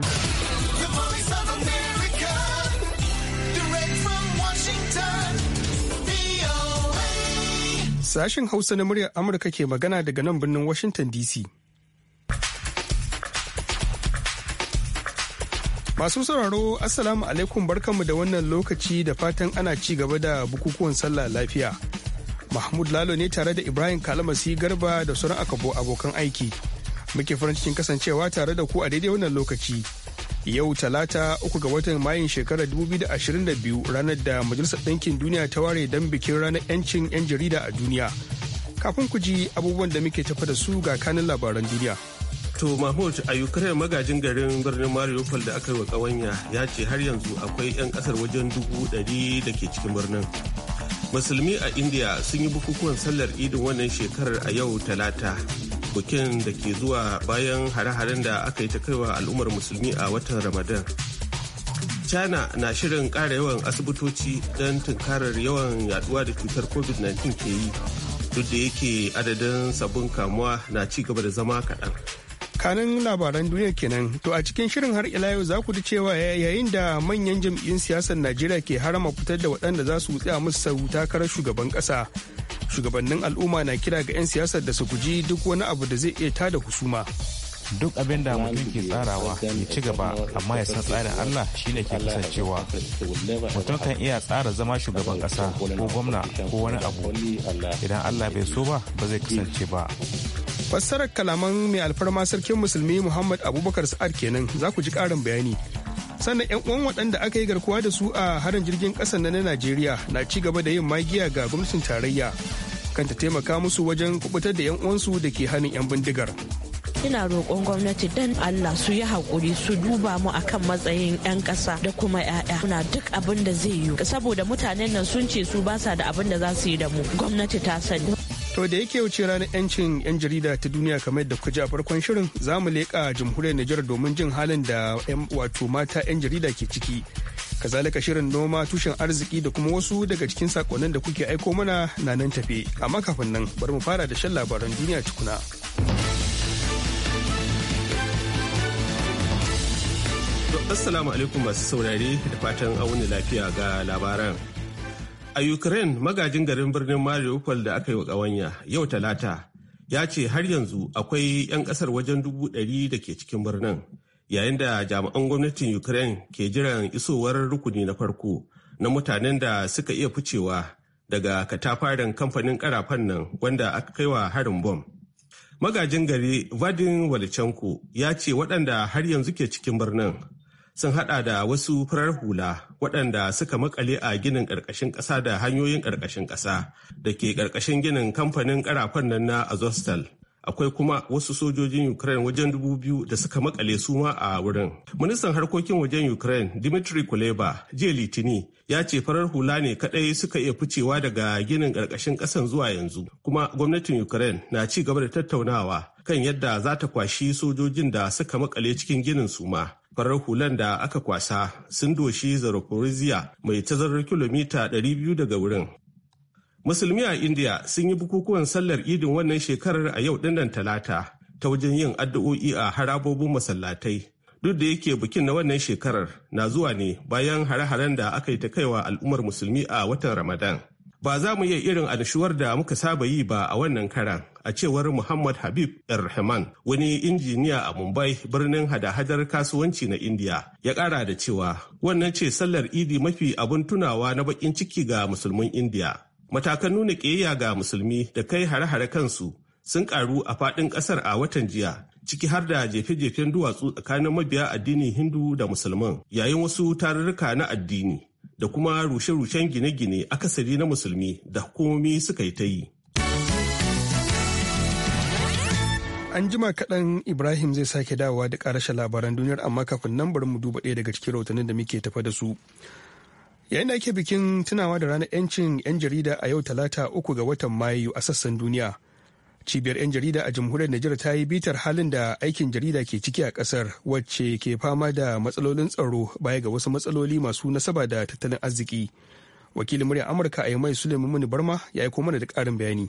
Sashen Hausa na muryar Amurka ke magana daga nan birnin Washington DC. Masu sauraro Assalamu alaikum barkanmu da wannan lokaci da fatan ana ci gaba da bukukuwan sallah lafiya. Mahmud Lalo ne tare da Ibrahim Kalamasi Garba da sauran akabo abokan aiki. muke farin cikin kasancewa tare da ku a daidai wannan lokaci yau talata uku ga watan mayun shekarar 2022 ranar da majalisar ɗinkin duniya ta ware don bikin ranar 'yancin 'yan jarida a duniya kafin ku ji abubuwan da muke tafa da su ga kanin labaran duniya to mahmud a ukraine magajin garin birnin mariupol da aka yi wa kawanya ya ce har yanzu akwai 'yan kasar wajen dubu ɗari da ke cikin birnin musulmi a india sun yi bukukuwan sallar idin wannan shekarar a yau talata bukin da ke zuwa bayan hare-haren da aka yi ta kaiwa al'ummar musulmi a watan ramadan china na shirin kara yawan asibitoci don tunkarar yawan yaduwa da cutar covid-19 ke yi duk da yake adadin sabbin kamuwa na ci gaba da zama kaɗan kanin labaran duniya kenan to a cikin shirin har ila yau za ku ji cewa yayin da manyan jam'iyyun siyasar najeriya ke harama fitar da waɗanda za su a musu sau takarar shugaban ƙasa shugabannin al'umma na kira ga 'yan siyasar da su guji duk wani abu da zai iya tada husuma duk abin da mutum ke tsarawa ya ci gaba amma ya san tsarin Allah shine ke kasancewa mutum kan iya tsara zama shugaban kasa ko gwamna ko wani abu idan Allah bai so ba ba zai kasance ba fassarar kalaman mai alfarma sarkin musulmi muhammad abubakar sa'ad kenan za ku ji karin bayani sannan 'yan uwan waɗanda aka yi garkuwa da su a harin jirgin ƙasa na najeriya na ci gaba da yin magiya ga gwamnatin tarayya kan taimaka musu wajen kubutar da 'yan uwansu da ke hannun 'yan bindigar ina roƙon gwamnati dan Allah su yi haƙuri su duba mu akan matsayin 'yan ƙasa da kuma 'ya'ya muna duk abin da zai yi saboda mutanen nan sun ce su ba sa da abin da za su yi da mu gwamnati ta sani To da yake wuce ranar 'yancin 'yan jarida ta duniya kamar yadda kuka ji a farkon shirin za mu leƙa jamhuriyar Nijar domin jin halin da wato mata 'yan jarida ke ciki. Kazalika shirin noma tushen arziki da kuma wasu daga cikin sakonnin da kuke aiko mana na nan tafe. Amma kafin nan bari mu fara da shan labaran duniya tukuna. Assalamu alaikum masu saurare da fatan auni lafiya ga labaran. A Ukraine magajin garin birnin Mariupol da aka yi wa ƙawanya yau talata ya ce har yanzu akwai 'yan ƙasar wajen dubu ɗari da ke cikin birnin yayin da jami'an gwamnatin Ukraine ke jiran isowar rukuni na farko na mutanen da suka iya ficewa daga katafaren kamfanin karafan nan wanda aka kai wa harin bom. Magajin gari Vadin Walichenko ya ce waɗanda har yanzu ke cikin birnin sun hada da wasu farar hula waɗanda suka makale a ginin ƙarƙashin ƙasa da hanyoyin ƙarƙashin ƙasa da ke ƙarƙashin ginin kamfanin ƙarafan nan na azostal akwai kuma wasu sojojin ukraine wajen dubu biyu da suka makale su ma a wurin ministan harkokin wajen ukraine dimitri kuleba jiya litini ya ce farar hula ne kadai suka iya ficewa daga ginin ƙarƙashin ƙasan zuwa yanzu kuma gwamnatin ukraine na ci gaba da tattaunawa kan yadda za ta kwashi sojojin da suka makale cikin ginin su ma farar hulan da aka kwasa sun doshi zarokorizia mai tazarar kilomita 200 daga wurin. Musulmi a India sun yi bukukuwan sallar idin wannan shekarar a yau dinnan talata ta wajen yin addu'o'i a harabobin masallatai. Duk da yake bikin na wannan shekarar na zuwa ne bayan hare-haren da aka yi ta kaiwa al'ummar musulmi a watan Ramadan. ba za mu iya irin nishuwar da muka saba yi ba a wannan karan a cewar muhammad habib rahman wani injiniya a mumbai birnin hada-hadar kasuwanci na India, ya kara da cewa wannan ce sallar idi mafi abin tunawa na bakin ciki ga musulmin India. matakan nuna ƙiyayya ga musulmi da kai hare-hare kansu sun karu a faɗin ƙasar a watan jiya ciki har da jefe-jefen duwatsu tsakanin mabiya addinin hindu da Musulmin, yayin wasu tarurruka na addini da kuma rushe-rushen gine-gine akasari na musulmi da hukumomi suka yi ta yi. An jima kaɗan Ibrahim zai sake dawowa da ƙarashe labaran duniyar amma kafin nan bari mu duba ɗaya daga cikin rahotannin da muke tafa da su. Yayin da ake bikin tunawa da ranar 'yancin 'yan jarida a yau talata uku ga watan Mayu a sassan duniya. cibiyar 'yan jarida a jamhuriyar Nijar ta yi bitar halin da aikin jarida ke ciki a kasar wacce ke fama da matsalolin tsaro baya ga wasu matsaloli masu nasaba da tattalin arziki wakilin murya amurka a mai suleiman barma ya aiko mana da ƙarin bayani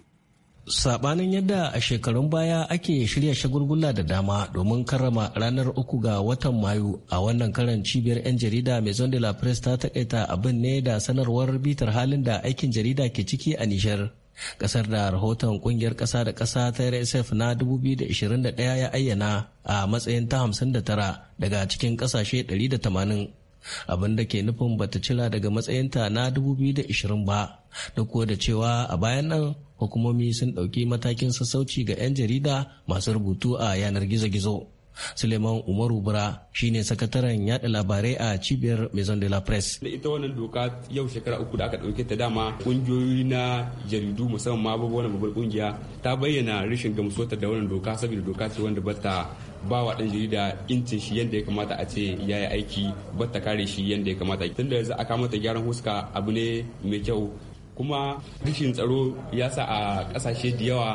sabanin yadda a shekarun baya ake shirya shagulgula da dama domin karrama ranar uku ga watan mayu a wannan karan cibiyar 'yan jarida maison de la presse ta takaita abin ne da sanarwar bitar halin da aikin jarida ke ciki a nijar kasar da rahoton kungiyar kasa da kasa ta rsf na 2021 ya ayyana a matsayin ta 59 daga cikin kasashe 180 abin da ke nufin bata cila daga matsayinta na 2020 ba duk da cewa a bayan nan hukumomi sun ɗauki matakin sassauci ga 'yan jarida masu rubutu a yanar gizo-gizo. Suleiman Umaru Bura shine sakataren yada labarai a cibiyar Maison de la Presse. Da ita wannan doka yau shekara uku da aka dauke ta dama kungiyoyi na jaridu musamman ma babu babbar kungiya ta bayyana rashin gamsuwa da wannan doka saboda doka ce wanda bata ba wa dan jarida incin shi yadda ya kamata a ce ya yi aiki bata kare shi yadda ya kamata tunda yanzu aka mata gyaran huska abu ne mai kyau kuma rashin tsaro ya sa a kasashe da yawa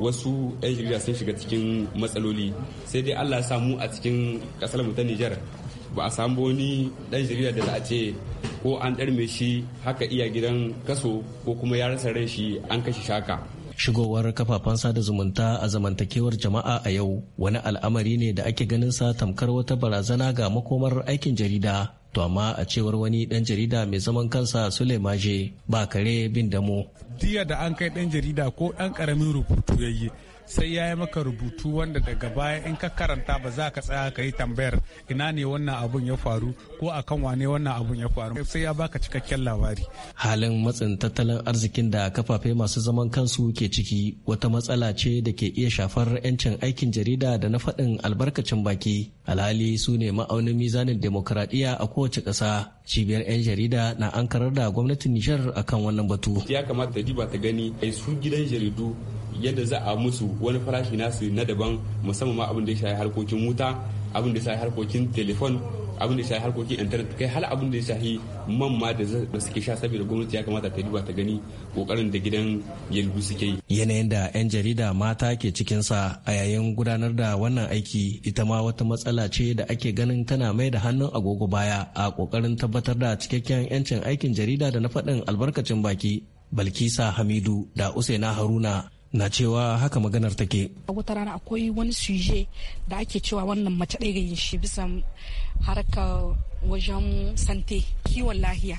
wasu 'yan jarida sun shiga cikin matsaloli sai dai allah ya samu a cikin kasar mu ta nijar ba a samu wani dan jarida da za a ce ko an ɗarme shi haka iya gidan kaso ko kuma ya rasa ran shi an kashe shaka shigowar kafafen sada zumunta a zamantakewar jama'a a yau wani al'amari ne da ake ganin sa tamkar wata barazana ga makomar aikin jarida to amma a cewar wani dan jarida mai zaman kansa maje ba kare bin damo. Diya da an kai dan jarida ko dan karamin rubutu yayi sai ya yi maka rubutu wanda daga baya in ka karanta ba za ka tsaya ka yi tambayar ina ne wannan abun ya faru ko a kan wane wannan abun ya faru sai ya baka cikakken labari halin matsin tattalin arzikin da kafafe masu zaman kansu ke ciki wata matsala ce da ke iya shafar 'yancin aikin jarida da na faɗin albarkacin baki alhali su ne ma'aunin mizanin demokuraɗiyya a kowace ƙasa cibiyar 'yan jarida na ankarar da gwamnatin nijar akan wannan batu ya kamata da diba ta gani ai su gidan jaridu yadda za a musu wani farashi nasu na daban musamman ma abin da ya shafi harkokin wuta abin da ya shafi harkokin telefon abin da ya shafi harkokin internet kai hal abin da ya shafi man ma da suke sha saboda gwamnati ya kamata ta duba ta gani kokarin da gidan yalbu suke yi yanayin da yan jarida mata ke cikin sa a yayin gudanar da wannan aiki ita ma wata matsala ce da ake ganin tana mai da hannun agogo baya a kokarin tabbatar da cikakken yancin aikin jarida da na faɗin albarkacin baki Balkisa Hamidu da Usaina Haruna na cewa haka maganar take. A wata rana akwai wani suje da ake cewa wannan mace ɗaya ga shi bisa harkar wajen sante kiwon lahiya.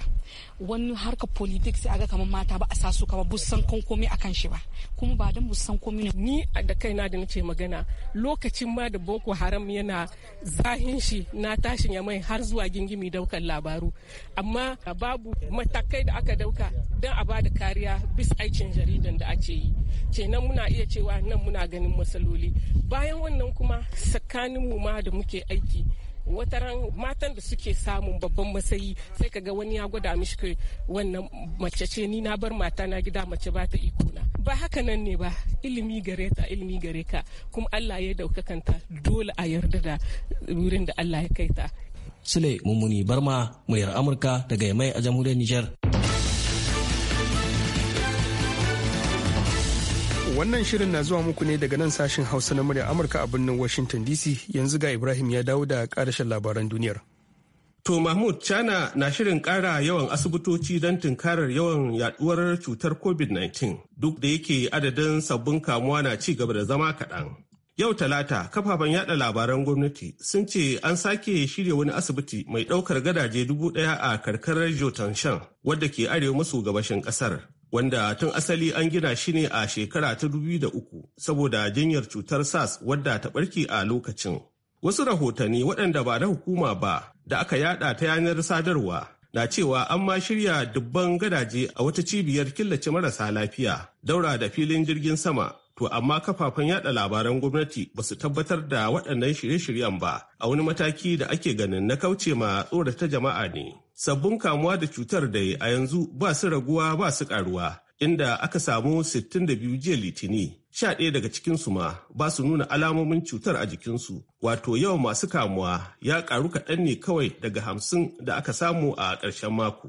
wani harka politics aga kamar mata ba a sa su kama busan kan komai kan shi ba kuma ba dan busan komai ni da kaina da nace magana lokacin ma da boko haram yana zahin shi na tashin ya mai har zuwa gingimi daukan labaru amma babu matakai da aka dauka don a bada kariya bis aikin jaridan da ake yi kenan muna iya cewa nan muna ganin matsaloli bayan wannan kuma tsakanin mu ma da muke aiki wataran matan da suke samun babban matsayi sai ka ga wani ya gwada mishi wannan mace ce ni na bar mata na gida mace ba ta iko na ba haka nan ne ba ilimi gare ta ilimi gare ka kuma Allah ya daukakanta dole a yarda da wurin da Allah ya kai ta Sule Mummuni Barma muryar Amurka daga Yamai a jamhuriyar Nijar. Wannan shirin na zuwa muku ne daga nan sashin Hausa na murya Amurka a birnin Washington DC yanzu ga Ibrahim ya dawo da karashen labaran duniyar. To Mahmud China na shirin kara yawan asibitoci don tunkarar yawan yaduwar cutar COVID-19 duk da yake adadin sabbin kamuwa na ci gaba da zama kaɗan. Yau Talata, kafafen yada labaran gwamnati sun ce an sake shirya wani asibiti mai ɗaukar gadaje dubu ɗaya a karkarar Jotanshan wadda ke arewa maso gabashin ƙasar. wanda tun asali an gina shi ne a shekara ta da uku saboda jinyar cutar SARS wadda ta barke a lokacin. Wasu rahotanni waɗanda ba na hukuma ba da aka yada ta yanar sadarwa na cewa an ma shirya dubban gadaje a wata cibiyar killace marasa lafiya daura da filin jirgin sama to amma kafafen yada labaran gwamnati ba su tabbatar da waɗannan shirye-shiryen ba a wani mataki da ake ganin na kauce ma tsorata jama'a ne. sabbin kamuwa da cutar dai a yanzu ba su raguwa ba su karuwa inda aka samu 62 jiya litini 11 daga cikinsu ma ba su nuna alamomin cutar a jikinsu wato yawan masu kamuwa ya karu kaɗan ne kawai daga hamsin da aka samu a ƙarshen mako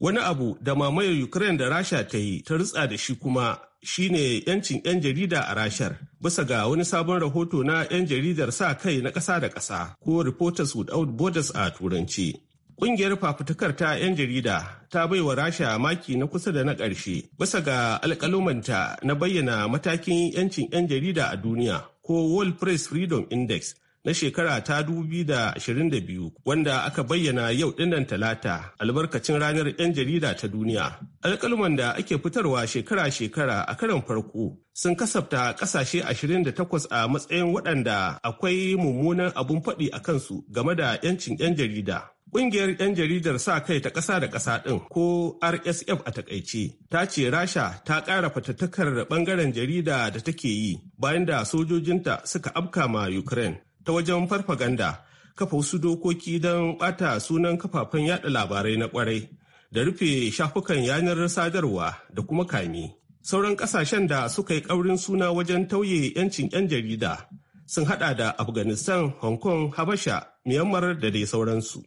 wani abu da mamayar ukraine da rasha ta yi ta rutsa da shi kuma shine yancin 'yan jarida a rashar bisa ga wani sabon rahoto na 'yan jaridar sa kai na ƙasa da ƙasa ko reporters without borders a turanci Ƙungiyar fafutukar ta 'yan jarida ta baiwa rasha maki na kusa da na ƙarshe bisa ga alƙalumanta na bayyana matakin 'yancin 'yan jarida a duniya ko World Press Freedom Index na shekara ta 2022 wanda aka bayyana yau dinnan talata albarkacin ranar 'yan jarida ta duniya. Alƙaluman da ake fitarwa shekara-shekara a karon farko sun kasafta ƙasashe 28 a matsayin waɗanda akwai mummunan abun faɗi a kansu game da 'yancin 'yan jarida. Ƙungiyar 'yan jaridar sa kai ta ƙasa da ƙasa ɗin ko RSF a takaice ta ce Rasha ta ƙara fatattakar ɓangaren jarida da take yi bayan da sojojinta suka afka ma Ukraine ta wajen farfaganda kafa wasu dokoki don ɓata sunan kafafen yada labarai na kwarai, da rufe shafukan yanar sadarwa da kuma kami Sauran ƙasashen da suka yi ƙaurin suna wajen tauye 'yancin 'yan jarida sun hada da Afghanistan, Hong Kong, Habasha, Myanmar da dai sauransu.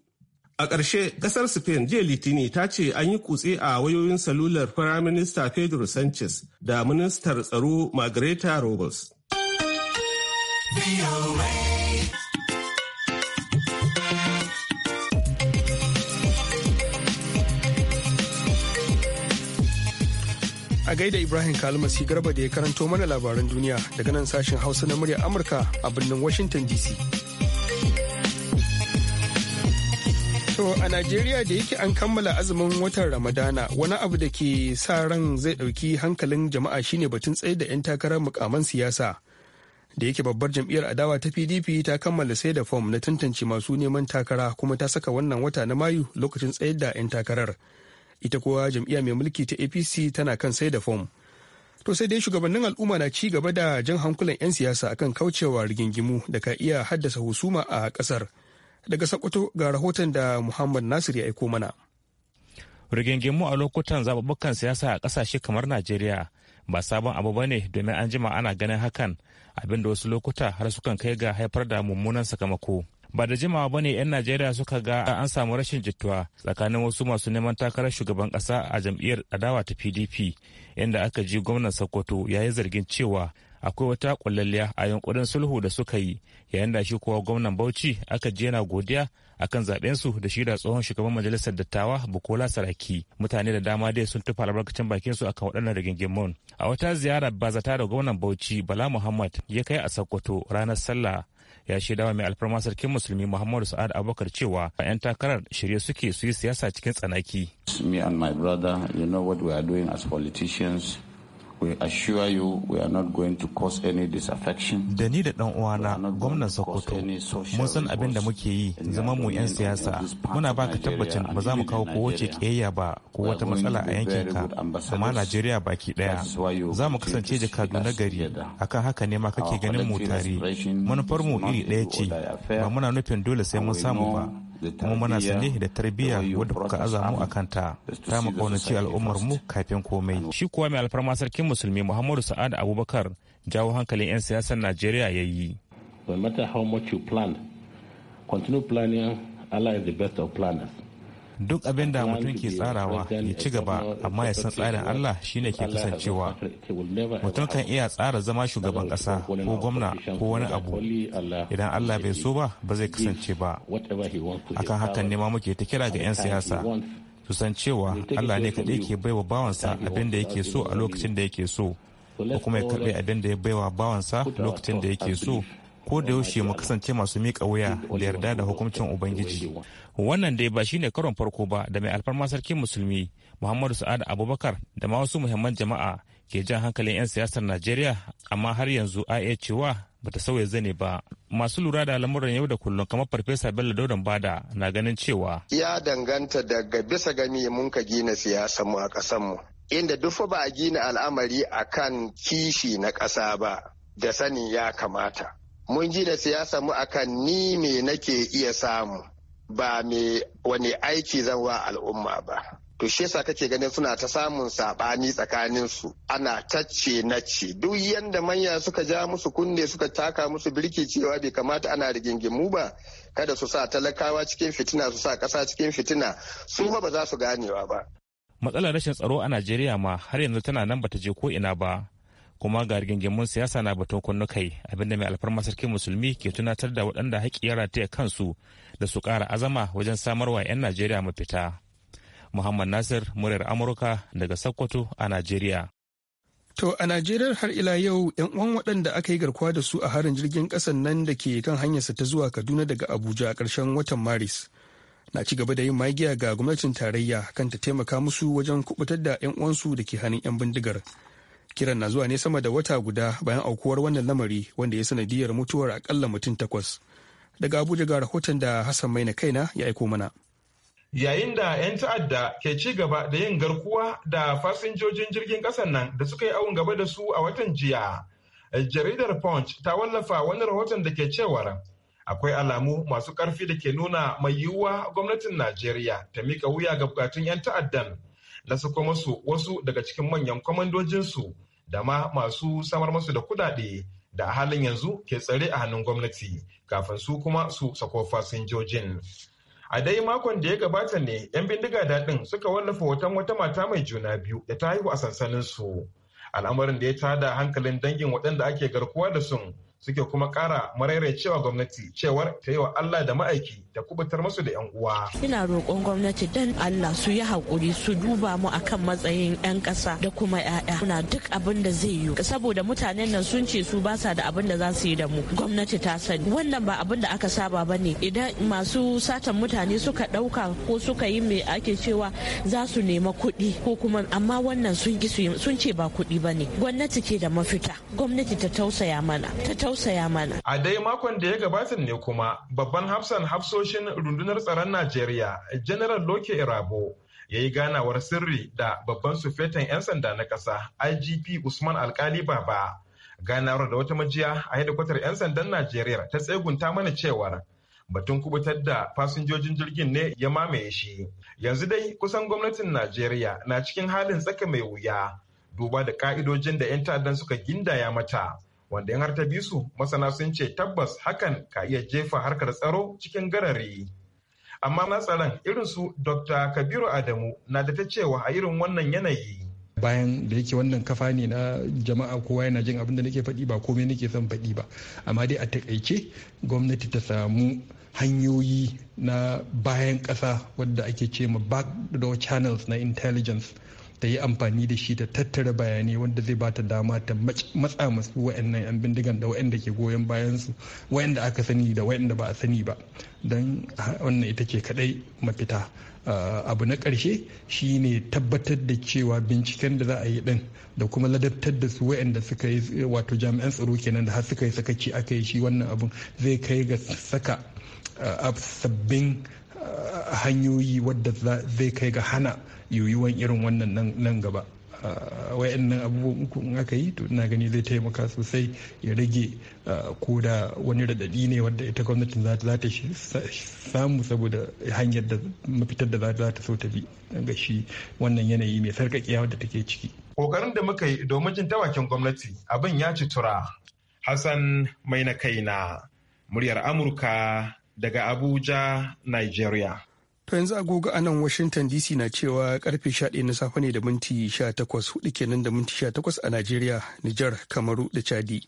A ƙarshe, ƙasar Spain jiya Litini ta ce an yi kutse a wayoyin salular Firaminista Pedro Sanchez da Ministar Tsaro Margareta Robles. A gaida Ibrahim Kalmasi Garba da ya karanto mana labaran duniya daga nan sashen Hausa na murya Amurka a birnin Washington DC. To a Najeriya da yake an kammala azumin watan Ramadana wani abu da ke sa ran zai ɗauki hankalin jama'a shine batun tsaye da 'yan takarar mukaman siyasa. Da yake babbar jam'iyyar adawa ta PDP ta kammala sai da fom na tantance masu neman takara kuma ta saka wannan wata na Mayu lokacin tsayar da 'yan takarar. Ita kuwa jam'iyya mai mulki ta APC tana kan sai da fom. To sai dai shugabannin al'umma na ci gaba da jan hankulan 'yan siyasa akan kaucewa rigingimu da ka iya haddasa husuma a ƙasar. Daga Sokoto ga rahoton da Muhammad Nasir ya aiko mana. Rigingimu a lokutan zababbukan siyasa a kasashe kamar Najeriya ba sabon abu ba ne domin an jima ana ganin hakan abinda wasu lokuta har sukan kai ga haifar da mummunan sakamako. Ba da jimawa ba ne 'yan Najeriya suka ga an samu rashin jituwa tsakanin wasu masu neman takarar shugaban kasa a jam'iyyar adawa ta PDP inda aka ji gwamnan Sokoto ya yi zargin cewa akwai wata kwallalliya a yankunan sulhu da suka yi yayin da shi kuwa gwamnan bauchi aka je yana godiya akan zaben su da shi da tsohon shugaban majalisar dattawa bukola saraki mutane da dama dai sun tufa albarkacin bakinsu su akan waɗannan rigingimun a wata ziyara bazata da gwamnan bauchi bala muhammad ya kai a sokoto ranar sallah ya wa mai alfarma sarkin musulmi muhammadu sa'ad abubakar cewa a 'yan takarar shirye suke su yi siyasa cikin tsanaki me and my brother you know what we are doing as politicians We assure you we are not going to cause any disaffection. Da ni da ɗan uwana gwamnan Sokoto mun san abin da muke yi zama mu 'yan siyasa muna baka tabbacin ba za mu kawo ko wace ƙiyayya ba ko wata matsala a yankin ka amma Najeriya baki ɗaya za mu kasance jakadu na gari akan haka ne ma kake ganin mu tare manufar mu iri ɗaya ce ba muna nufin dole sai mun samu ba kuma muna sani da tarbiyya wadda kuka aza mu a kanta ta mu kaunaci al'ummar mu kafin komai shi kuwa mai alfarma sarkin musulmi muhammadu sa'ad abubakar jawo hankalin 'yan siyasar najeriya ya yi no matter how much you plan continue planning allah is the best of planners duk abin da mutum ke tsarawa ya ci gaba amma ya san tsarin Allah shine ke kasancewa mutum kan iya tsara zama shugaban kasa ko gwamna ko wani abu idan Allah bai so ba ba zai kasance ba akan hakan ne ma muke ta kira ga 'yan siyasa su san cewa Allah ne kaɗai ke baiwa bawansa abin da yake so a lokacin da yake so ko kuma ya karɓi abin da ya baiwa bawansa lokacin da yake so ko da yaushe mu kasance masu miƙa wuya da yarda da hukuncin ubangiji wannan dai ba shine karon farko ba da mai alfarma sarkin musulmi muhammadu sa'ad abubakar da ma wasu muhimman jama'a ke jan hankalin 'yan siyasar najeriya amma har yanzu a iya cewa bata sauya zane ba masu lura da lamuran yau da kullum kamar farfesa bello daudan bada na ganin cewa ya danganta daga bisa gami mun ka gina siyasar mu a ƙasar mu inda duk ba a gina al'amari akan kishi na ƙasa ba da sani ya kamata mun ji da siyasa mu akan ni me nake iya samu ba me wani aiki zan wa al'umma ba to shi yasa kake ganin suna ta samun sabani tsakanin su ana tacce nace duk yanda manya suka ja musu kunne suka taka musu birki cewa bai kamata ana rigingimu ba kada su sa talakawa cikin fitina su sa ƙasa cikin fitina su ba ba za su ganewa ba matsalar rashin tsaro a Najeriya ma har yanzu tana nan bata je ko ina ba kuma ga rigingimun siyasa na batun kunnu kai abinda mai alfarma sarki musulmi ke tunatar da waɗanda haƙƙi ya rataya kansu da su ƙara azama wajen samarwa 'yan najeriya mafita muhammad nasir muryar amurka daga sokoto a najeriya To a Najeriya har ila yau yan uwan waɗanda aka yi garkuwa da su a harin jirgin ƙasan nan da ke kan hanyarsa ta zuwa Kaduna daga Abuja a ƙarshen watan Maris na ci gaba da yin magiya ga gwamnatin tarayya kan ta taimaka musu wajen kubutar da yan uwansu da ke hannun yan bindigar. kiran na zuwa ne sama da wata guda bayan aukuwar wannan lamari wanda ya sanadiyar mutuwar akalla mutum takwas daga abuja ga rahoton da hassan mai maina kaina ya aiko mana yayin da 'yan ta'adda ke ci gaba da yin garkuwa da fasinjojin jirgin kasan nan da suka yi awon gaba da su a watan jiya jaridar punch ta wallafa wani rahoton da ke cewar akwai alamu masu karfi da ke nuna mai yiwuwa gwamnatin najeriya ta mika wuya ga bukatun 'yan ta'addan da su kuma su wasu daga cikin manyan kwamandojinsu da ma masu samar masu da kudade da a halin yanzu ke tsare a hannun gwamnati kafin su kuma su sako fasinjojin. A dai makon da ya gabata ne 'yan bindiga daɗin suka wallafa hoton wata mata mai juna biyu da ta haihu a sansanin su. Al'amarin da ya tada hankalin dangin waɗanda ake garkuwa da sun suke kuma kara cewa gwamnati cewar ta yi wa Allah da ma'aiki da kubutar masu da 'yan uwa. Ina roƙon gwamnati dan Allah su yi haƙuri su duba mu akan matsayin 'yan ƙasa da kuma 'ya'ya. Muna duk abin da zai yi saboda mutanen nan sun ce su ba da abin da za su yi da mu. Gwamnati ta sani wannan ba abin da aka saba ba ne idan masu satan mutane suka ɗauka ko suka yi mai ake cewa za su nema kuɗi ko kuma amma wannan sun ce ba kuɗi ba ne. Gwamnati ke da mafita. Gwamnati ta tausaya mana. Ta tausaya mana. A dai makon da ya gabatar ne kuma babban hafsan hafsoshin rundunar tsaron Najeriya, General Loke Irabo, ya yi ganawar sirri da babban sufetan 'yan sanda na ƙasa IGP Usman Alkali Baba. Ganawar da wata majiya a hedikwatar 'yan sandan Najeriya ta tsegunta mana cewar batun kubutar da fasinjojin jirgin ne ya mamaye shi. Yanzu dai kusan gwamnatin Najeriya na cikin halin tsaka mai wuya duba da ka'idojin da 'yan ta'addan suka gindaya mata wanda in har ta bi su masana sun ce tabbas hakan ka iya jefa harkar tsaro cikin garari. Amma na tsaron irin su Dr. Kabiru Adamu na da ta cewa a irin wannan yanayi. bayan da yake wannan kafa ne na jama'a kowa yana jin abin da nake faɗi ba komai nake son faɗi ba amma dai a taƙaice gwamnati ta samu hanyoyi na bayan ƙasa wadda ake ce ma back-door channels na intelligence ta yi amfani da shi ta tattara bayanai wanda zai bata dama ta matsa masu wa'annan 'yan bindigan da wa'anda ke goyon bayan su wa'anda aka sani da wa'anda ba a sani ba don ah, wannan ita ce kadai mafita ah, abu na ƙarshe shine tabbatar da cewa binciken da za a yi din da kuma ladabtar da su wa'anda suka yi wato jami'an tsaro kenan da har suka yi sakaci aka yi shi wannan abun zai kai ga saka ah, sabbin hanyoyi wadda zai kai ga hana yiwuwan irin wannan nan gaba ah, wayannan abubuwan uku in aka yi to ina gani zai taimaka sosai ya rage ah, ko da wani radadi ne wadda ita gwamnatin za ta samu saboda hanyar da mafitar da za ta so ta bi ga shi wannan yanayi mai sarkakiya wadda take ciki kokarin da muka yi domin jin tawakin gwamnati abin ya ci tura hassan mai na kai na muryar amurka daga Abuja, Nigeria. To yanzu agogo a nan Washington DC na cewa karfe 11 na safe ne da minti 18 hudu kenan da minti 18 a Najeriya, Nijar, Kamaru da Chadi.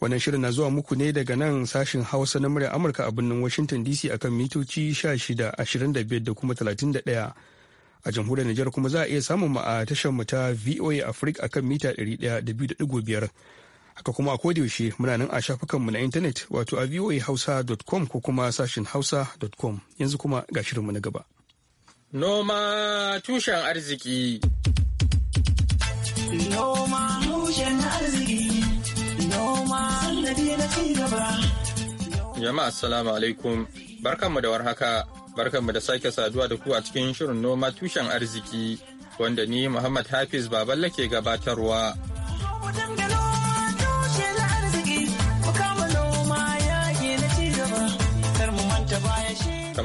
Wannan shirin na zuwa muku ne daga nan sashin Hausa na murya Amurka a birnin Washington DC akan mitoci 16, 25 da kuma 31. A jamhuriyar Nijar kuma za a iya samun mu a tashar mu ta VOA Africa akan mita 100.5. haka kuma a yaushe muna nan a shafukanmu na intanet wato a voahausa.com ko kuma sashin hausa.com yanzu kuma ga shirinmu na gaba. Noma tushen arziki. Noma tushen arziki. Noma na ci gaba. Jama'a assalamu alaikum. Barkanmu da warhaka. Barkanmu da sake saduwa da ku a cikin shirin noma tushen arziki wanda ni Muhammad Hafiz Baballe ke gabatarwa.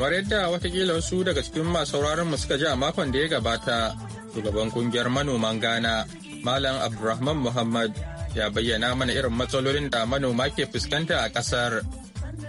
kamar yadda watakila wasu daga cikin masu mu suka ji a makon da ya gabata shugaban kungiyar manoman ghana malam abdulrahman muhammad ya bayyana mana irin matsalolin da manoma ke fuskanta a kasar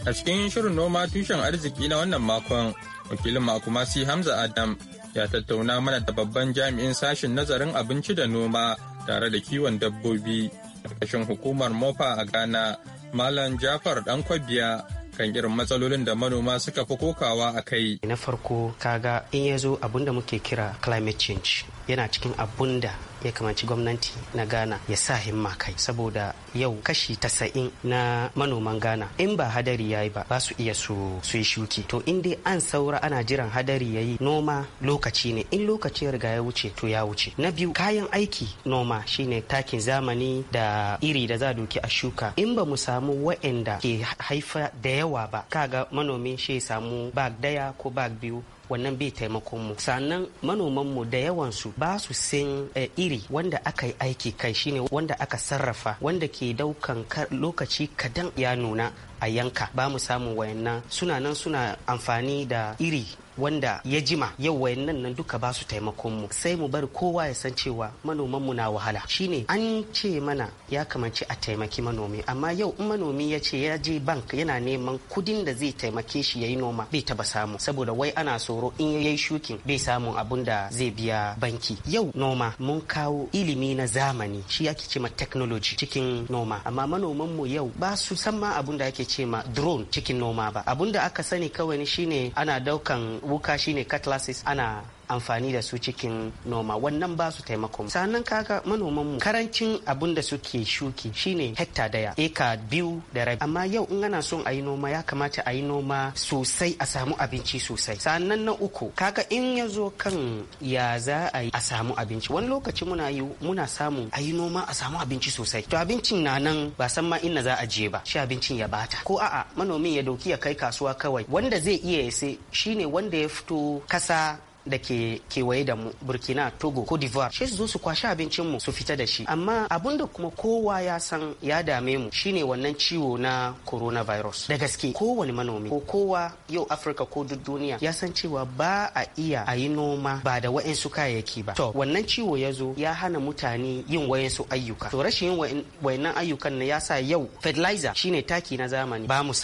a cikin shirin noma tushen arziki na wannan makon wakilin makumasi hamza adam ya tattauna mana da babban jami'in sashin nazarin abinci da noma tare da kiwon dabbobi a hukumar mofa a ghana malam jafar dan kwabiya kan irin matsalolin da manoma suka fi kokawa a kai. Na farko kaga in ya zo abin da muke kira climate change yana cikin abun da ya kamanci gwamnati na ghana ya sa himma kai saboda yau kashi tasa'in na manoman ghana in ba hadari ya yi ba ba su iya su yi shuki to in dai an saura ana jiran hadari ya yi noma lokaci ne in lokaci ya riga ya wuce to ya wuce na biyu kayan aiki noma shine takin zamani da iri da za doki a shuka in ba mu samu wa'anda ke haifa da yawa ba kaga manomi shi samu bag daya ko bag biyu wannan bai taimakon mu sannan manoman mu da yawan su ba su sin eh, iri wanda aka yi aiki kai shine wanda aka sarrafa wanda ke daukan lokaci kadan ya nuna a yanka ba mu samun wayannan suna nan suna amfani da iri wanda ya jima yau wayannan nan duka ba su taimakon mu sai mu bari kowa ya san cewa manoman mu na wahala shine an ce mana ya kamanci a taimaki manomi amma yau in manomi ya ce ya je bank yana neman kudin da zai taimake shi yayi noma bai taba samu saboda wai ana soro in ya yi shukin bai samu abun da zai biya banki yau noma mun kawo ilimi na zamani shi ake cewa technology cikin noma amma manoman mu yau ba su san ma abun da ake ce ma drone cikin noma ba abun da aka sani kawai shine ana daukan wuka shine cutlasses ana amfani da su cikin noma wannan ba su taimako sannan kaga manoman mu karancin abun da suke shuki shine hekta daya eka biyu da rabi amma yau in ana son a yi noma ya kamata a yi noma sosai a samu abinci sosai sannan na uku kaga in ya zo kan ya za a yi a samu abinci wani lokaci muna yi muna samu a yi noma a samu abinci sosai to abincin na nan ba san ma inna za a je ba shi abincin ya bata ko a'a manomin ya doki ya kai kasuwa kawai wanda zai iya ya sai shine wanda ya fito kasa da ke kewaye da mu burkina togo ko d'ivoire shi su zo su kwashi abincin mu su fita da shi amma abun da kuma kowa ya san ya dame mu shine wannan ciwo na coronavirus da gaske kowane manomi ko kowa yau afirka ko duk duniya ya san cewa ba a iya a yi noma ba da wa'insu kayayyaki ba to wannan ciwo ya zo ya hana mutane yin wa'insu ayyuka to rashin yin wa'innan ayyukan na ya sa yau fertilizer shine taki na zamani ba mu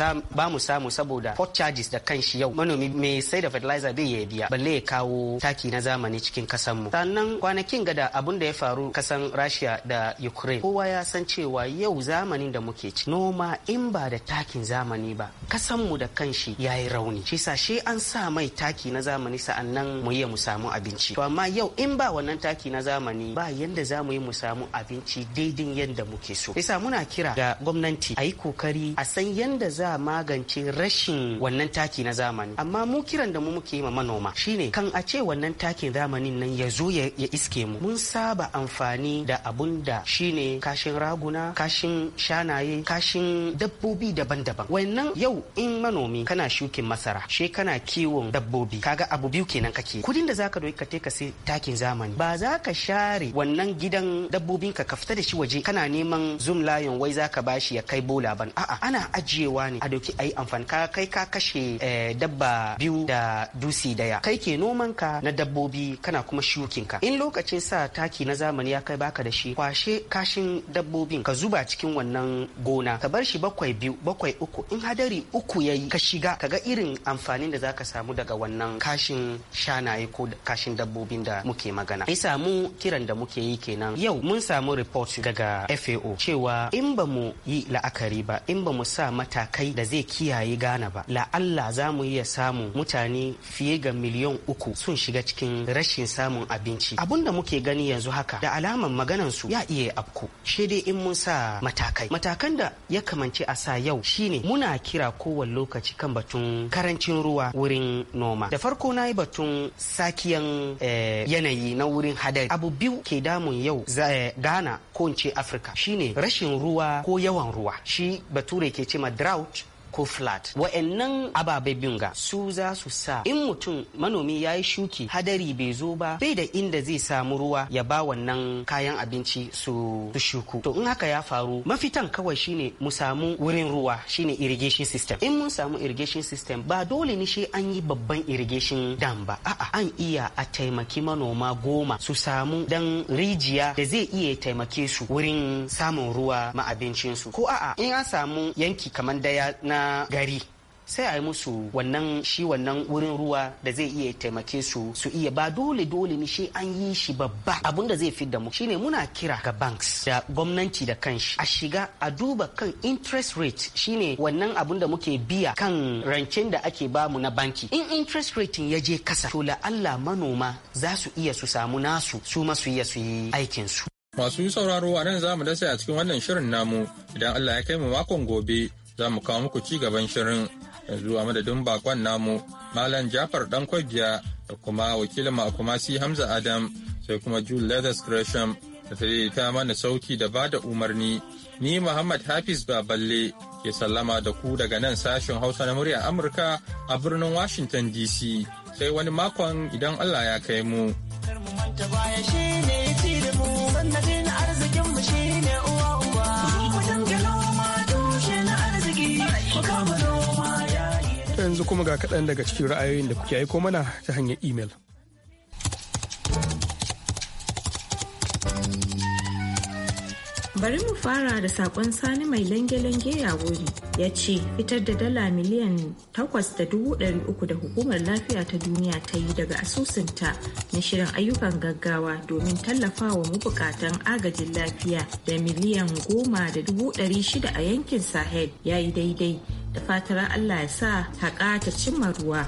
samu saboda pot charges da shi yau manomi mai sai da fertilizer bai ya biya balle ya kawo kawo taki na zamani cikin kasan mu. sannan kwanakin gada abun da ya faru kasan rasha da ukraine kowa ya san cewa yau zamanin da muke ci noma in ba da takin zamani ba kasan mu da kanshi ya yi rauni shi sa shi an sa mai taki na zamani sa'annan mu iya mu samu abinci to amma yau in ba wannan taki na zamani ba yanda za mu yi mu samu abinci daidai yadda muke so yasa muna kira ga gwamnati a yi kokari a san yanda za a magance rashin wannan taki na zamani amma mu kiran da mu muke yi ma manoma shine kan a ce wannan takin zamanin nan ya zo ya iske mu mun saba amfani da abun da shine kashin raguna kashin shanaye kashin dabbobi daban-daban wannan yau in manomi kana shukin masara she kana kiwon dabbobi kaga abu biyu kenan kake kudin da zaka doyi ka te ka sai takin zamani ba za ka share wannan gidan dabbobin ka fita da shi waje kana neman zum layon wai zaka bashi ya kai bola ban a'a ana ajiyewa ne a doki ayi amfani ka kai ka kashe eh, dabba biyu da dusi daya kai ke noman kanka na dabbobi kana kuma shukinka in lokacin sa taki na zamani ya kai baka da shi kwashe kashin dabbobin ka zuba cikin wannan gona ka bar shi bakwai biyu bakwai uku in hadari uku ya yi ka shiga ka ga irin amfanin da za ka samu daga wannan kashin shanaye ko kashin dabbobin da muke magana ya samu kiran da muke yi kenan yau mun samu report daga FAO cewa in ba mu yi la'akari ba in ba mu sa matakai da zai kiyaye gana ba la'alla za mu iya samu mutane fiye ga miliyan uku sun shiga cikin rashin samun abinci abun da muke gani yanzu haka da alaman maganan su ya iya afku She dai in mun sa matakai matakan da ya kamance a sa yau shine muna kira kowane lokaci kan batun karancin ruwa wurin noma da farko na yi batun sakiyan eh, yanayi na wurin hadari abu biyu ke damun yau gana eh, ghana ko in ce afirka shine rashin ruwa ko yawan ruwa shi bature ke ce ma drought ko flat wa'annan ababe biyun ga su za su sa in mutum manomi ya yi shuki hadari bai zo ba bai da inda zai samu ruwa ya ba wannan kayan abinci su shuku to in haka ya faru mafitan kawai shine mu samu wurin ruwa shine irrigation system in mun samu irrigation system ba dole ne shi an yi babban irrigation dam ba a'a an iya a taimaki manoma goma su samu dan rijiya da zai iya taimake su wurin samun ruwa ma abincinsu ko a'a in an samu yanki kamar daya na gari sai a yi musu wannan shi wannan wurin ruwa da zai iya taimake su su iya ba dole dole ne shi an yi shi babba abun da zai fidda mu shine muna kira ga banks da gwamnati da kanshi a shiga a duba kan interest rate shine wannan abun da muke biya kan rancen da ake bamu na banki in interest rate ya je kasa to allah manoma za su iya su samu nasu su ma su iya su yi aikin su masu sauraro a nan za mu dasa a cikin wannan shirin namu idan Allah ya kai mu makon gobe za mu kawo muku ci gaban shirin yanzu a madadin bakon namu malam jafar dan kwabiya da kuma wakilin si hamza adam sai kuma jule leather gresham da ta ta mana sauki da bada umarni ni muhammad hafiz baballe ke sallama da ku daga nan sashen hausa na murya amurka a birnin washington dc sai wani makon idan allah ya kai mu. yanzu kuma ga kaɗan daga cikin ra'ayoyin da kuke aiko mana ta hanyar imel. Bari mu fara da sakon sani mai lange-lange ya wuri ya ce fitar da dala miliyan 8.3 da hukumar lafiya ta duniya ta yi daga asusunta na shirin ayyukan gaggawa domin tallafawa mabukatan agajin lafiya da miliyan 10.6 a yankin Sahel ya yi daidai da fatara Allah ya sa haƙa ta cimma ruwa.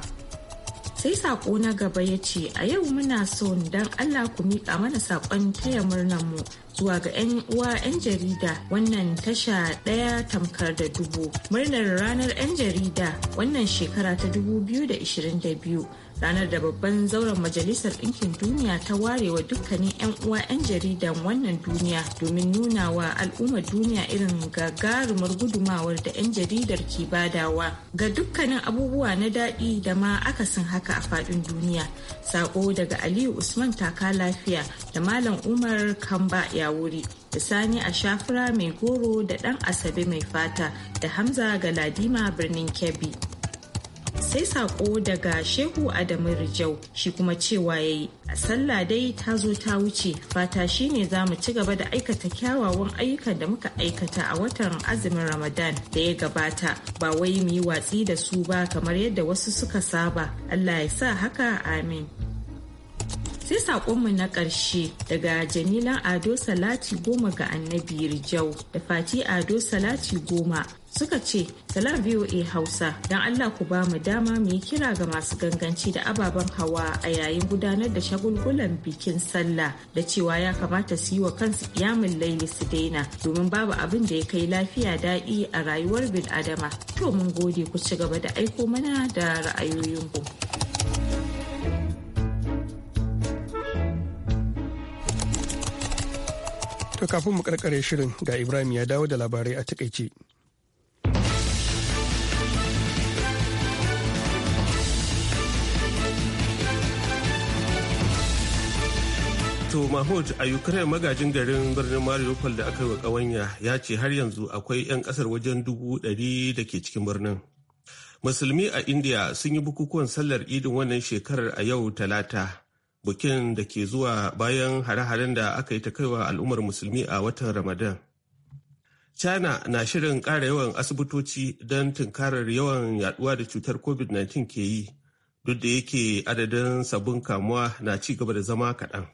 Sai saƙo na gaba ya ce a yau muna son don Allah ku miƙa mana saƙon taya murnar mu zuwa ga 'yan uwa 'yan jarida wannan tasha ɗaya tamkar da dubu murnar ranar 'yan jarida wannan shekara ta biyu. ranar da babban zauren majalisar ɗinkin duniya ta warewa dukkanin 'yan uwa 'yan jaridan wannan duniya domin nuna wa al'ummar duniya irin gagarumar gudumawar da 'yan jaridar ke badawa ga dukkanin abubuwa na daɗi da ma akasin haka a faɗin duniya sako daga aliyu usman taka lafiya da malam umar kamba ya wuri da sani a shafura mai goro da ɗan asabe mai fata da hamza ga Ladima birnin kebbi sai sako daga shehu adamu rijau shi kuma cewa ya yi sallah dai ta zo ta wuce fata shi ne za mu ci gaba da aikata kyawawan ayyukan da muka aikata a watan azumin ramadan da ya gabata ba wai mu yi watsi da su ba kamar yadda wasu suka saba allah ya sa haka amin sai saƙonmu na ƙarshe daga jamilan ado salati goma ga annabi rijau da fati ado salati goma suka ce salam voa hausa don allah ku ba mu dama mu yi kira ga masu ganganci da ababen hawa a yayin gudanar da shagulgulan bikin sallah da cewa ya kamata su yi wa kansu iyamin laili su daina domin babu abin da ya kai lafiya daɗi a rayuwar bin adama to mun gode ku ci gaba da aiko mana da ra'ayoyinku To kafin mu karkare shirin ga Ibrahim ya dawo da labarai a takaice. To Mahmud a Ukraine magajin garin birnin Mariupol da aka yi wa kawanya ya ce har yanzu akwai 'yan kasar wajen dubu ɗari da ke cikin birnin. Musulmi a India sun yi bukukuwan sallar idin wannan shekarar a yau talata. Bukin da ke zuwa bayan hare-haren da aka yi ta kaiwa al'ummar musulmi a watan Ramadan. China na shirin kara yawan asibitoci don tunkarar yawan yaduwa da cutar COVID-19 ke yi, duk da yake adadin sabbin kamuwa na ci gaba da zama kaɗan.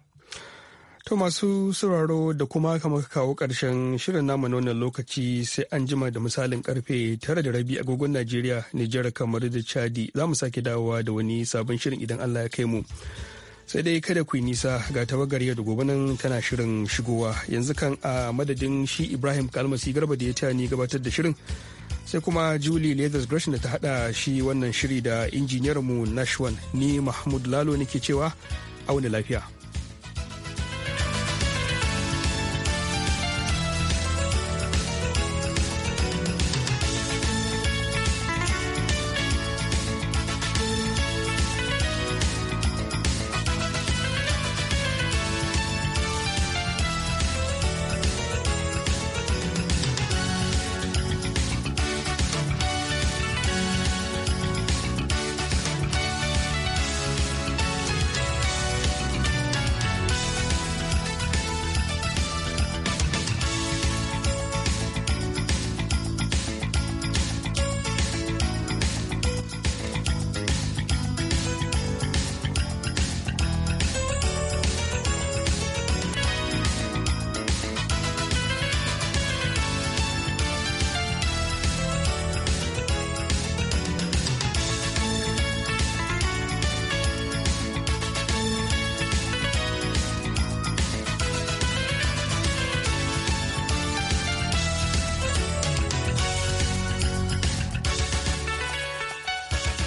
To masu sauraro da kuma kamar kawo ƙarshen shirin namu na wannan lokaci sai an jima da misalin karfe tara da rabi agogon Najeriya, Nijar kamar da Chadi za mu sake dawowa da wani sabon shirin idan Allah ya kai mu. Sai dai kada ku yi nisa ga tawagar yau da gobe nan tana shirin shigowa yanzu kan a madadin shi Ibrahim Kalmasi Garba da ya taya ni gabatar da shirin. sai kuma julie leathers gresham da ta hada shi wannan shiri da injiniyarmu nashwan ni mahmud lalo nake cewa auna lafiya